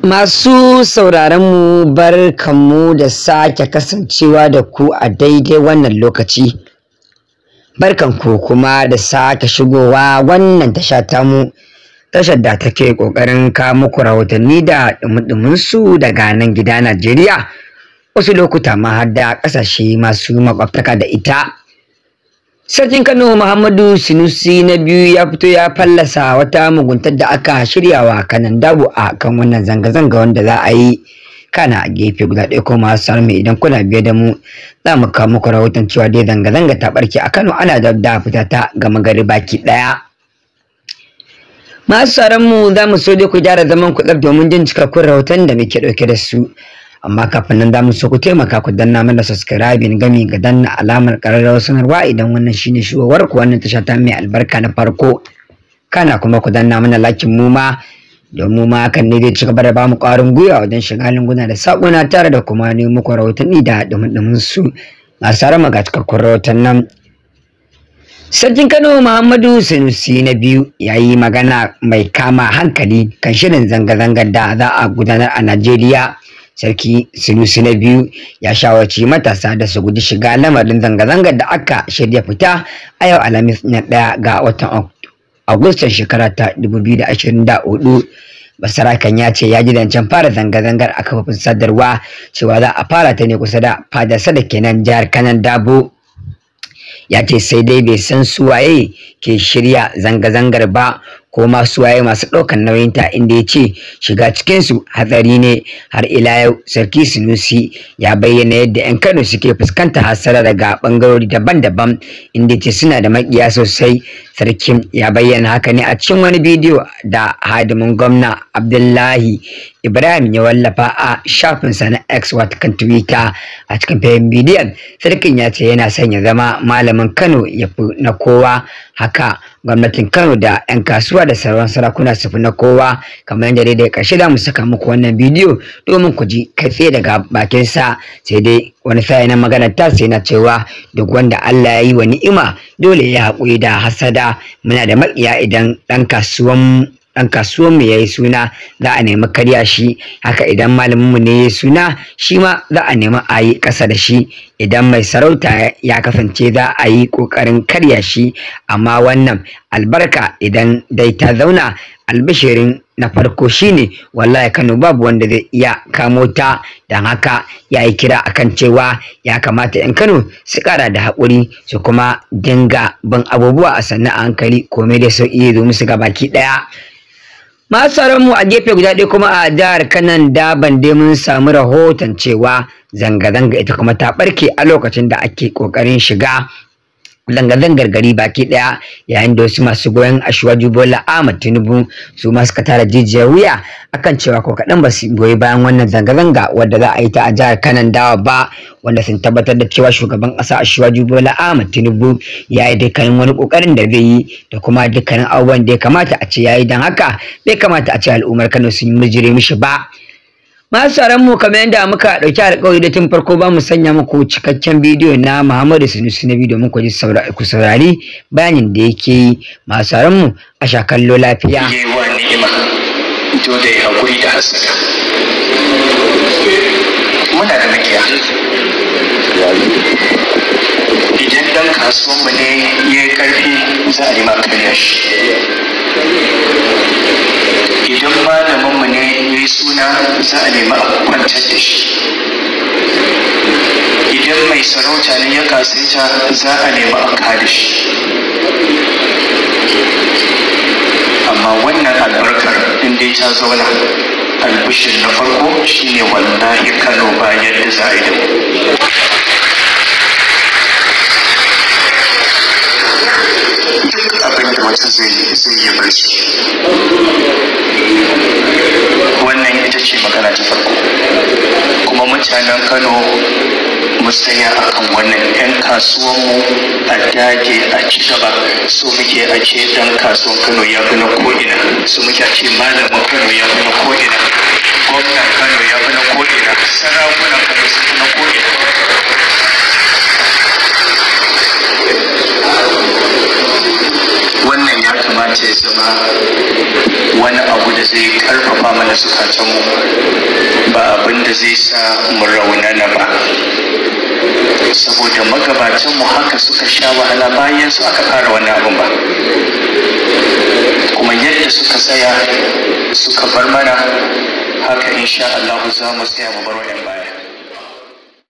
Masu sauraronmu bar kanmu da sake kasancewa da ku a daidai wannan lokaci. Barkanku kuma da sake shigowa wannan tasha tamu, tashar da take ƙoƙarin kawo muku rahotanni da ɗumuɗuminsu daga nan gida Najeriya, wasu lokuta ma har da ƙasashe masu makwabtaka da ita. Sarkin Kano Muhammadu Sinusi na biyu ya fito ya fallasa wata muguntar da aka shiryawa kanan dabu a kan wannan zanga-zanga wanda za a yi kana a gefe guda ɗaya kuma sarmi idan kuna biye da mu za mu kawo muku rahoton cewa dai zanga-zanga ta barke a Kano ana da da fita ta gama gari baki ɗaya. Masu sauran mu za mu so dai ku gyara zaman ku domin jin cikakkun rahoton da muke ɗauke da su. amma kafin nan da so ku taimaka ku danna mana subscribing gami ga danna alamar ƙararrawar sanarwa idan wannan shine shigowar ku wannan tasha ta mai albarka na farko kana kuma ku danna mana lakin mu ma don mu ma hakan ne zai ci gaba da bamu ƙwarin gwiwa wajen shiga lunguna da saƙona tare da kuma ne muku rahotanni da dumin su masu rama ga cikakkun nan Sarkin Kano Muhammadu Sanusi na biyu ya yi magana mai kama hankali kan shirin zanga-zangar da za a gudanar a Najeriya sarki sinusi na biyu ya shawarci matasa da su guji shiga lamarin zanga-zangar da aka shirya fita a yau alhamis na ɗaya ga watan agustan shekara ta 2024 basarakan ya ce ya ji zancen fara zanga-zangar a kafafin sadarwa cewa za a fara ta ne kusa da fadarsa da kenan jihar kanan dabo ya ce sai dai bai san su waye ke shirya zanga-zangar ba ko masu waye masu ɗaukan nauyinta inda ya ce shiga cikinsu hatsari ne har ila yau sarki sunusi ya bayyana yadda 'yan kano suke fuskantar hasara daga ɓangarori daban-daban inda ce suna da maƙiya sosai sarkin ya bayyana haka ne a cikin wani bidiyo da hadimin gwamna abdullahi ibrahim ya wallafa a shafinsa na x kan twitter a cikin fahim bidiyon sarkin ya ce yana son ya zama malamin kano ya fi na kowa haka gwamnatin kano da 'yan kasuwa da sauran sarakuna su fi na kowa kamar yadda daga ƙarshe da mu saka muku wannan bidiyo domin ku ji kai tsaye daga bakinsa sai dai wani sa'ina maganar ta sai na cewa duk wanda Allah ya yi wa ni'ima dole ya haƙuri da hasada muna da maƙiya idan ɗan kasuwan ɗan kasuwan mu yayi suna za a nemi karya shi haka idan malamin mu ne yayi suna shi ma za a nemi a yi ƙasa da shi idan mai sarauta ya kasance za a yi ƙoƙarin karya shi amma wannan albarka idan dai ta zauna albishirin na farko shine wallahi Kano babu wanda zai iya kamo ta dan haka ya yi kira akan cewa ya kamata yan Kano su kara da haƙuri su kuma dinga bin abubuwa a sannan a hankali komai da sauƙi zo musu gabaki ɗaya masaran mu a gefe guda ɗaya kuma a jihar kanan daban dai mun samu rahoton cewa zanga-zanga ita kuma ta ɓarke a lokacin da ake ƙoƙarin shiga zanga-zangar gari baki daya yayin da wasu masu goyon ashwaju bola ahmad tinubu su ma suka tara jijiyar wuya akan cewa ko kaɗan ba su goyi bayan wannan zanga-zanga wadda za a yi ta a jihar kanan dawa ba wanda sun tabbatar da cewa shugaban kasa ashwaju bola ahmad tinubu ya yi dukkanin wani kokarin da zai yi da kuma dukkanin abubuwan da ya kamata a ce ya yi don haka bai kamata a ce al'ummar kano sun yi mijire mishi ba masaran mu kamar yadda muka dauki alƙawari da tun farko ba mu sanya muku cikakken bidiyo na Muhammadu Sunusi na bidiyo muku ji saurari ku saurari bayanin da yake yi masaran mu a lo lafiya yewa ni'ima ito da hakuri da hasaka muna da makiya idan dan kasuwan mu ne ya karfi za a yi maka kariya shi ya za a nemi a kwantar da shi idan mai sarauta ne ya kasance za a nemi a kare shi amma wannan albarkar inda ta zauna albishin na farko shine ya kano bayan da za a yi abin da mutum zai yi bar mutanen kano mu tsaya kan wannan 'yan kasuwanmu a dage a ci gaba su muke a ce dan kasuwan kano ya fi na ko'ina su muke a ce malamin kano ya fi na ko'ina gwamnan kano ya fi na ko'ina sarakunan kano su fi karfafa mana mu, ba abin da zai sa mu raunana ba saboda magabatanmu haka suka sha wahala bayan su aka fara wani abin ba kuma yadda suka tsaya suka bar mana haka insha Allah za mu tsaya mu bar ba.